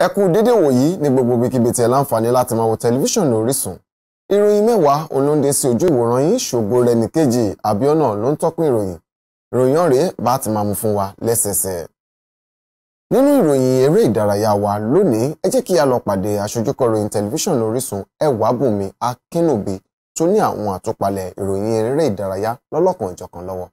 ẹ kú dédé wòyí ní gbogbo ibikíbi tí ẹ láǹfààní láti máa wo tẹlifíṣàn Orísun ìròyìn mẹ́wàá olóńdé sí ojú ìwòran yín ṣògo rẹ̀ nìkejì Àbíọ́nà ló ń tọ́pọ̀ ìròyìn ìròyìn ọ̀rẹ́ bá ti máa mú fún wa lẹ́sẹsẹ. nínú ìròyìn eré ìdárayá wa lónìí ẹ jẹ́ kí a lọ pàdé aṣojúkọ ìròyìn tẹlifíṣàn Orísun ẹwà bùnmi akínúbi tó ní àwọn àtúpalẹ̀ ìròyìn eré ìdárayá lọ́lọ́kan-ò-jọ̀kan lọ́wọ́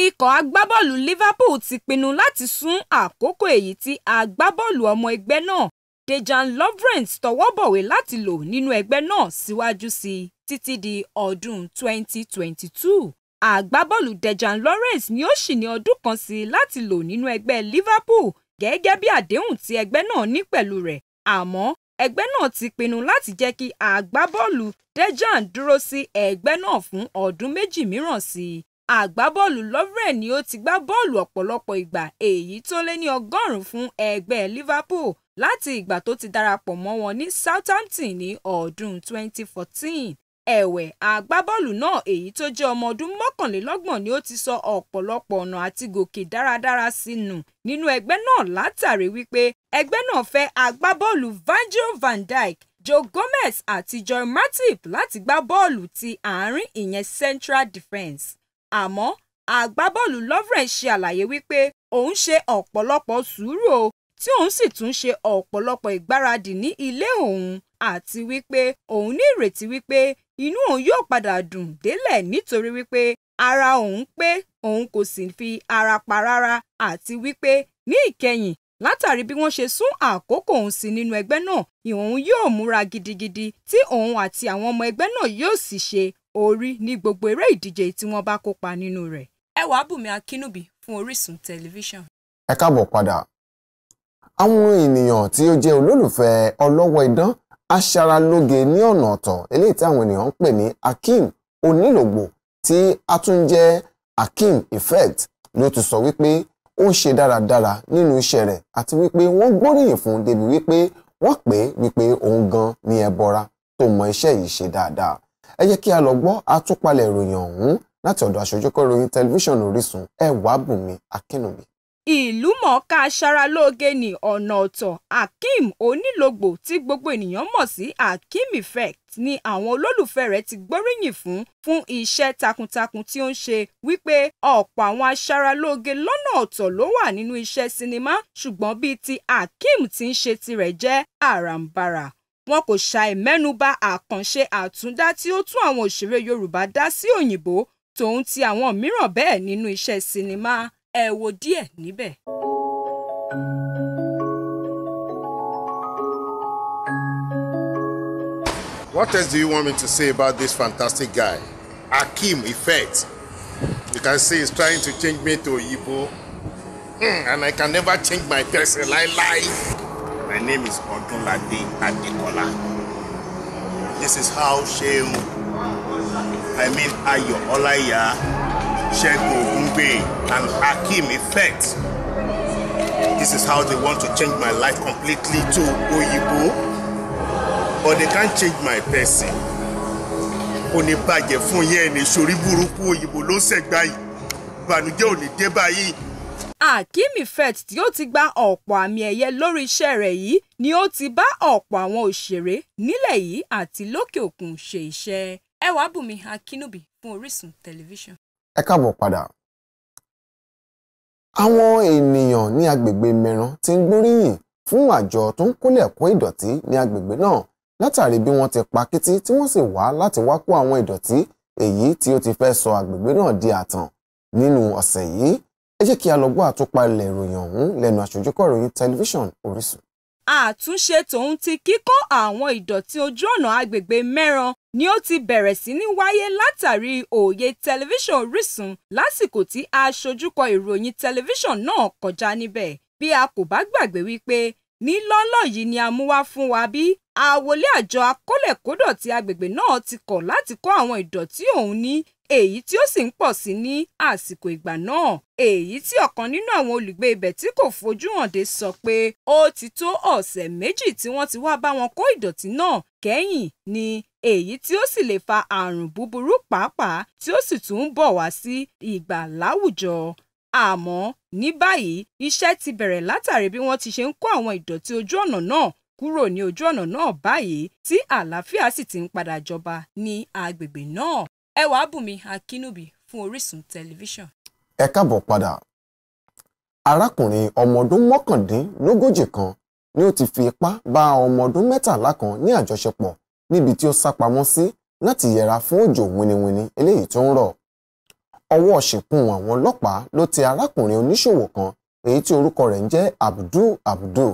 Ikọ̀ agbábọ́ọ̀lù Liverpool ti pinnu láti sún àkókò èyí tí agbábọ́ọ̀lù ọmọ ẹgbẹ́ náà Dejan Lovren tọwọ́ bọ̀wé láti lò nínú ẹgbẹ́ náà síwájú sí i títí di ọdún 2022. Agbábọ́ọ̀lù Dejan Lawrence ni ó ṣì ní ọdún kan sí i láti lò nínú ẹgbẹ́ Liverpool gẹ́gẹ́ bí àdéhùn tí ẹgbẹ́ náà ní pẹ̀lú rẹ̀ àmọ́ ẹgbẹ́ náà ti pinnu láti jẹ́ kí agbábọ́ọ̀lù Dejan dúró sí ẹgbẹ́ náà fún ọdún méjì mìíràn sí i. Agbábọ́ọ̀lù Lovren ni ó ti gbá bọ́ọ̀lù ọ̀pọ̀lọpọ̀ ìgbà èyí tó lé ní ọgọ́rùn-ún fún ẹgbẹ́ Liverpool láti ìgbà tó ti darapọ̀ mọ́ wọn ní Southampton ní ọdún 2014. Ẹ̀wẹ̀, agbábọ́ọ̀lù náà èyí tó jẹ́ ọmọ ọdún mọ́kànlélọ́gbọ̀n ni ó ti sọ ọ̀pọ̀lọpọ̀ ọ̀nà àti gòkè dáradára sí nù nínú ẹgbẹ́ náà látàrí wípé ẹgbẹ́ náà fẹ́ agbábọ́ọ̀lù Virgil van Dijk, Joe Gomez àti Joe Matip láti gbá bọ́ọ̀lù ti àárín ìyẹn central defence àmọ́ agbábọ́ọ̀lù Lovren ṣe àlàyé wípé òun ṣe ọ̀pọ̀lọpọ̀ sùúrù o tí òun sì tún ṣe ọ̀pọ̀lọpọ̀ ìgbáradì ní ilé òun àti wípé òun ní ìrètí wípé inú òun yóò padà dùn délẹ̀ nítorí wípé ara òun pé òun kò sì fi ara pa rárá àti wípé ní ìkẹyìn látàrí bí wọ́n ṣe sún àkókò òun sí nínú ẹgbẹ́ náà ìhòòhùn yóò múra gidigidi tí òun àti àwọn ọmọ ẹgbẹ́ náà yóò sì ṣe orí ní gbogbo eré ìdíje tí wọ́n bá kópa nínú rẹ̀. ẹwà bùnmi akínúbì fún Orísun tẹlifíṣàn. ẹ káàbọ̀ padà àwọn ènìyàn tí ó jẹ́ olólùfẹ́ ọlọ́wọ́ idán aṣaralóge ní ọ̀nà ọ̀tọ̀ eléyìí tí àwọn ènìyàn ń pè ní Akeem onílògbò tí a tún jẹ́ Akeem effect ló ti sọ wípé ó ń ṣe dáradára nínú iṣẹ́ rẹ̀ àti wípé wọ́n gbóríyìn fún débi wípé wọ́n pè é wípé òun gan ni ẹbọra tó mọ iṣẹ́ yìí ṣe dáadáa ẹ jẹ́ kí a lọ gbọ́ àtúpalẹ̀ ìròyìn ọ̀hún láti ọ̀dọ̀ àṣojúkọ́ ìròyìn tẹlifíṣàn Orísun ẹ̀wà bùnmi akínúbi. ìlú mọ̀ọ́ká aṣaralóge ní ọ̀nà ọ̀tọ̀ akeem onílògbò tí gbogbo ènìyàn mọ̀ sí akeem effect ni àwọn olólùfẹ́ rẹ̀ ti gbóríyìn fún fún iṣẹ́ takuntakun tí ó ń ṣe wípé ọ̀pọ̀ àwọn aṣaralóge lọ́nà ọ̀tọ̀ ló wà nínú iṣẹ́ sinimá ṣùgbọ́n bíi ti akeem ti ń ṣe tirẹ̀ jẹ́ àràǹbarà wọn kò ṣàì mẹ́nuba àkànṣe àtúndá tí ó tún àwọn òṣèré Yorùbá dá sí òyìnbó tòun ti àwọn mìíràn bẹ́ẹ̀ nínú iṣẹ́ sinimá ẹ wo díẹ̀ níbẹ̀. What else do you want me to say about this fantastic guy? Akeem Effect. You can see he's trying to change me to Igbo. Mm, and I can never change my person. Lai lai. My name is Odunlade Adekola. This is how Seun, I mean Ayo Olaiya, Segun Ogungbe, and Hakeem Effect. This is how they want to change my life completely to Oyibo, but they can't change my person. Ó ní bàjẹ́ fún yẹn ní sórí burúkú òyìnbó ló ń sẹ̀gbá yìí. Ìbànújẹ́ ò ní dé báyìí. Akinmefet tí ó ti gba ọ̀pọ̀ àmì ẹ̀yẹ lórí iṣẹ́ rẹ̀ yìí ni ó ti bá ọ̀pọ̀ àwọn òṣèré nílẹ̀ yìí àti lókè òkun ṣe iṣẹ́. Ẹwàbùnmi Akínúbí fún Orísun tẹlifíṣàn. Ẹ káàbọ̀ padà. Àwọn ènìyàn ní agbègbè Mẹran ti ń gbóríyìn fún àjọ tó ń kólẹ̀ kó ìdọ̀tí ní agbègbè náà látàrí bí wọ́n ti pa kétí tí wọ́n sì wá láti wá kó àwọn ìdọ̀tí èyí tí ó ti fẹ́ sọ agbègbè náà di àtàn nínú ọ̀sẹ̀ yìí jẹ́ kí a lọ gbọ́ àtúpalẹ̀ ìròyìn ọ̀hún lẹ́nu àṣojúkọ̀ròyìn tẹlifíṣàn Orísun. Àtúnṣe tòun ti kíkó àwọn ìdọ̀tí ojú ọ̀nà agbègbè mẹ́ran ni ó ti bẹ̀rẹ̀ sí ní wáyé látàrí òye tẹlifíṣàn Orísun lásìkò tí aṣojúkọ ìròyìn tẹlifíṣàn náà kọjá níbẹ̀ bí a kò bá gbàgbé wípé Ní lọ́ọ́lọ́ yìí ni a mú wá fún wa bí àwọlé àjọ akọ́lẹ̀kódò ti agbègbè náà ti kọ̀ láti kó àwọn ìdọ̀tí ọ̀hún ní èyí tí ó sì ń pọ̀ síi ní àsìkò ìgbà náà, èyí tí ọ̀kan nínú àwọn olùgbé ibẹ̀ tí kò fojú hànde sọ pé ó ti tó ọ̀sẹ̀ méjì tí wọ́n ti wá bá wọn kó ìdọ̀tí náà kẹ́yìn ni, èyí tí ó sì lè fa àrùn búburú pàápàá tí ó sì tún ń bọ̀ wá sí ìgbà láwùjọ àmọ́ ní báyìí iṣẹ́ ti bẹ̀rẹ̀ látàrí bí wọ́n ti ṣe ń kó àwọn ìdọ̀tí ojú ọ̀nà náà kúrò ní ojú ọ̀nà náà báyìí tí àlàáfíà sì ti ń padà jọba ní agbègbè náà. ẹwà bùnmi akínúbì fún Orísun tẹlifíṣàn. ẹ káàbọ̀ padà arákùnrin ọmọ ọdún mọ́kàndínlógójì kan ni ó ti fi ipá bá ọmọ ọdún mẹ́tàlá kan ní àjọṣepọ̀ níbi tí ó sá pamọ́ sí láti yẹra fún òjò winiwini eléyìí tó ń rọ̀ ọwọ́ ṣìnkún àwọn ọlọ́pàá ló ti arákùnrin oníṣòwò kan èyí tí orúkọ rẹ̀ ń jẹ́ Abdul Abdul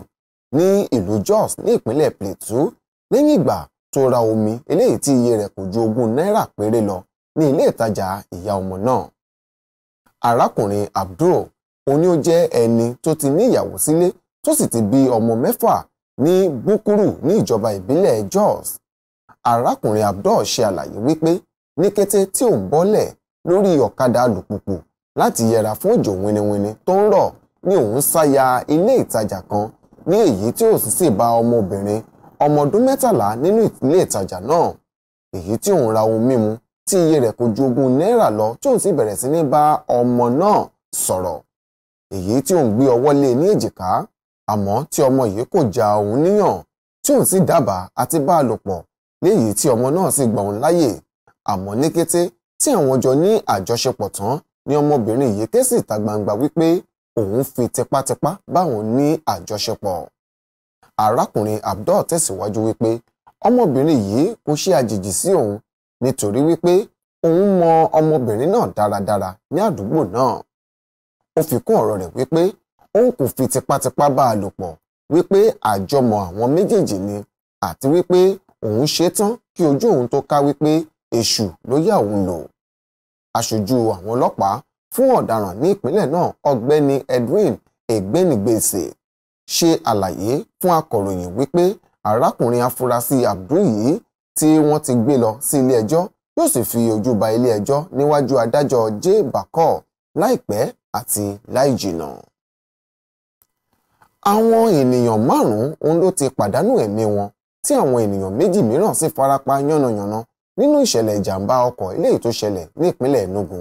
ní ìlú Jos ní ìpínlẹ̀ Plateau lẹ́yìn ìgbà tó ra omi eléyìí tí iye rẹ̀ kò ju ogún náírà péré lọ ní ilé ìtajà ìyá ọmọ náà. arákùnrin Abdul oní ó jẹ́ ẹni tó ti ní ìyàwó sílé tó sì ti bí ọmọ mẹ́fà ní Búkúrú ní ìjọba ìbílẹ̀ Jos. arákùnrin Abdul ṣe àlàyé wípé ní kété tí òun bọ́lẹ̀ lórí ọ̀kadà alùpùpù láti yẹra fún òjò winiwini tó ń rọ̀ ní òun sáya ilé ìtajà kan ní èyí tí ó sì bá ọmọbìnrin ọmọ ọdún mẹ́tàlá nínú ilé ìtajà náà èyí tí òun ra ohun mímu tí iye rẹ̀ kò ju ogún náírà lọ tí òun sì bẹ̀rẹ̀ sí ní bá ọmọ náà sọ̀rọ̀ èyí tí òun gbé ọwọ́ lé e ní èjìká àmọ́ tí ọmọ yìí kò ja òun níyàn tí òun sì dábàá àti bá a lò pọ̀ léyìí tí ọmọ náà sì gbà òun láyè àmọ́ ní kété tí àwọn jọ ní àjọṣepọ̀ tán ni ọmọbìnrin yìí ké sí ìta gbangba wípé òun fi tipátipá báwọn ní àjọṣepọ̀ arákùnrin Abdul tẹ̀síwájú wípé ọmọbìnrin yìí kò ṣe àjèjì sí òun nítorí wípé òun mọ ọmọbìnrin náà dáradára ní àdúgbò náà ó fi kún ọ̀rọ̀ rẹ̀ wípé òun kò fi tipátipá bá a lò pọ̀ wípé àjọmọ àwọn méjèèjì ni àti wípé òun ṣe tán kí ojú òun tó ká wípé èṣù ló yà òun lò aṣojú àwọn ọlọ́pàá fún ọ̀daràn ní ìpínlẹ̀ náà ọ̀gbẹ́ni Edwin Egbenigbèsè ṣe àlàyé fún akọ̀ròyìn wípé arákùnrin afurasí Abdul yìí tí wọ́n ti gbé lọ sí ilé ẹjọ́ yóò sì fi ojú ba ilé ẹjọ́ níwájú adájọ́ J Bakor láìpẹ́ àti láìjìnà. àwọn ènìyàn márùn-ún òun ló ti pàdánù ẹ̀mí wọn tí àwọn ènìyàn méjì mìíràn sì farapa yánnayànna nínú ìṣẹ̀lẹ̀ ìjàmbá ọkọ̀ eléyìí tó ṣẹlẹ̀ ní ìpínlẹ̀ Enugu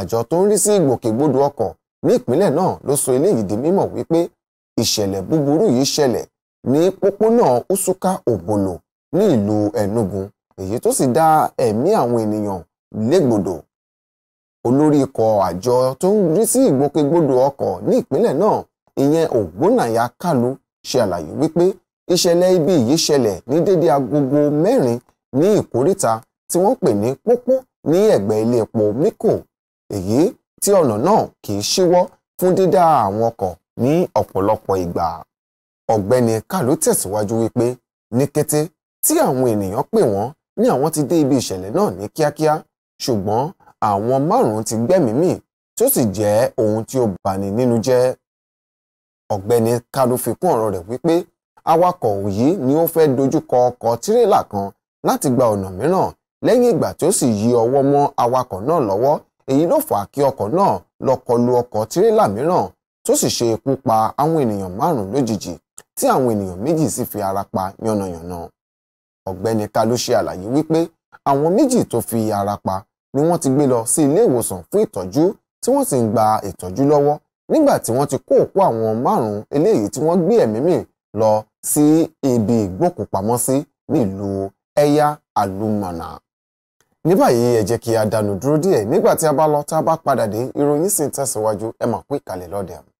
àjọ tó ń rí sí ìgbòkègbodò ọkọ̀ ní ìpínlẹ̀ náà ló sọ eléyìí di mímọ̀ wípé ìṣẹ̀lẹ̀ búburú yìí ṣẹlẹ̀ ní pópónà Usuka Obolo ní ìlú Enugu èyí tó sì dá ẹ̀mí àwọn ènìyàn légbodò olórí ikọ̀ àjọ tó ń rí sí ìgbòkègbodò ọkọ̀ ní ìpínlẹ̀ náà ìyẹn Ògbónàyà Kálù ṣe àlàyé wípé ìṣẹ̀lẹ̀ ibi yìí ṣẹlẹ̀ ní dédé agogo mẹ́rin ní ìkóríta tí wọ́n pè ní pópó ní ẹ̀gbẹ́ ilé epo Miko èyí tí ọ̀nà náà kì í ṣíwọ́ fún dídá àwọn ọkọ̀ ní ọ̀pọ̀lọpọ̀ ìgbà. ọ̀gbẹ́ni Kalu tẹ̀síwájú wípé ní kété tí àwọn ènìyàn pè wọ́n ní àwọn ti dé ibi ìṣẹ̀lẹ̀ náà ní kíákíá ṣùgbọ́n àwọn márùn-ún ti gbẹ́mìí mì tó sì jẹ́ ohun tí ó bani nínú jẹ́. ọ̀gbẹ́ni Kalu fi kún ọ̀rọ̀ rẹ̀ wípé awakọ̀ yìí ni ó fẹ́ dojúkọ ọkọ̀ tirẹ́là kan láti gba ọ̀nà mìíràn lẹ́yìn ìgbà tí ó sì yí ọwọ́ mọ́ awakọ̀ náà lọ́wọ́ èyí ló fà á kí ọkọ̀ náà lọ kọlu ọkọ̀ tirẹ́là mìíràn tó sì ṣe ikú pa àwọn ènìyàn márùn-ún lójijì tí àwọn ènìyàn méjì sì fi ara pa yánnayànna ọ̀gbẹ́ni ká ló ṣe àlàyé wípé àwọn méjì tó fi ara pa ni wọ́n ti gbé lọ sí ilé ìwòsàn fún ìtọ́jú tí wọ́n sì ń gba ìtọ́jú lọ́wọ́ nígbà tí wọ́n ti kó òkú àwọn márùn-ún eléyìí tí wọ́n gbé ẹ̀mí mì lọ sí ibi ìgbókùpamọ́sí nílùú ẹ̀yà àlùmọ̀nà. ní báyìí ẹ jẹ́ kí a dánu dúró díẹ̀ nígbà tí a bá lọ tá a bá padà dé ìròyìn sì ń tẹ̀síwájú ẹ máa kú ìkàlẹ̀ lọ́dẹ̀ àmọ́.